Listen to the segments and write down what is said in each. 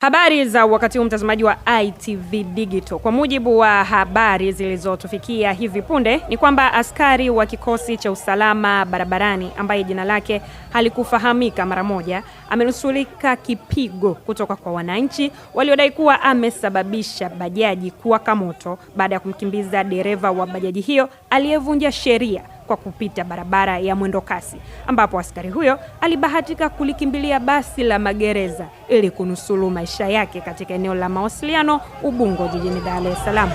Habari za wakati huu mtazamaji wa ITV Digital. Kwa mujibu wa habari zilizotufikia hivi punde ni kwamba askari wa kikosi cha usalama barabarani ambaye jina lake halikufahamika mara moja amenusulika kipigo kutoka kwa wananchi waliodai kuwa amesababisha bajaji kuwaka moto baada ya kumkimbiza dereva wa bajaji hiyo aliyevunja sheria kwa kupita barabara ya mwendo kasi, ambapo askari huyo alibahatika kulikimbilia basi la magereza ili kunusuru maisha yake katika eneo la mawasiliano Ubungo, jijini Dar es Salaam.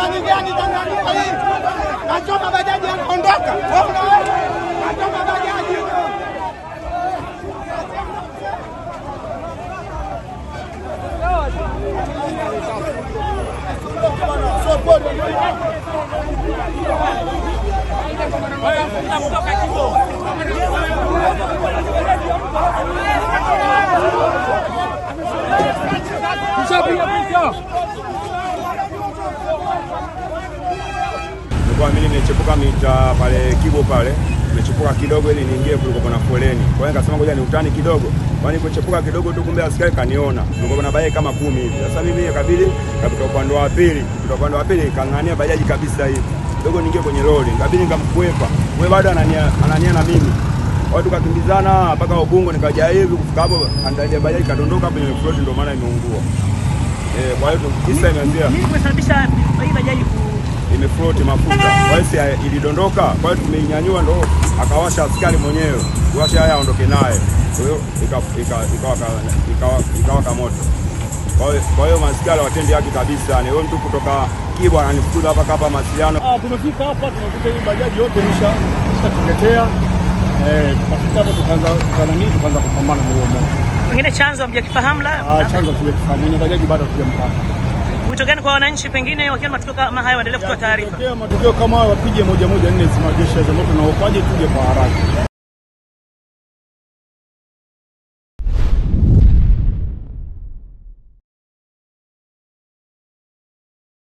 kama ni gani Tanzania hii? Nachoma bajaji yanaondoka, nachoma bajaji kutoka Kiboo kwa mimi nimechepuka mita pale Kibo pale nimechepuka kidogo ili niingie kuliko kuna foleni. Kwa hiyo nikasema ngoja niutani kidogo. Kwani kuchepuka kidogo tu kumbe askari kaniona. Nilikuwa kuna bajaji kama kumi hivi. Sasa mimi ikabidi kapita upande wa pili. Kutoka upande wa pili kang'ania bajaji kabisa hivi. Kidogo niingie kwenye lori. Ikabidi nikamkwepa. Wewe bado anania anania na mimi. Watu tukakimbizana mpaka Ubungo nikaja hivi kufika hapo andali bajaji kadondoka kwenye flood ndio maana imeungua. Eh, kwa hiyo kisa imeanzia. mimi kusababisha hii bajaji ku imefloti mafuta, kwa hiyo ilidondoka, kwa hiyo tumeinyanyua, ndo akawasha askari mwenyewe kuwasha haya aondoke naye, kwa hiyo ikawaka moto. Kwa hiyo maskari watendi haki kabisa, ni wewe mtu kutoka Kibwa ananifukuza hapa kapa mawasiliano. Ah, tumefika hapa tunakuta hii bajaji yote isha ishatuletea eh, hapa tukaanza kupambana na huo moto. Pengine chanzo hamjakifahamu la? Ah, chanzo tumekifahamu, ni bajaji bado hatujamtaka wito gani kwa wananchi, pengine wakiona matukio kama haya waendelee kutoa taarifa? Matokeo kama hayo wapige moja moja nne, zimajesha za na waokoaji tuje kwa haraka.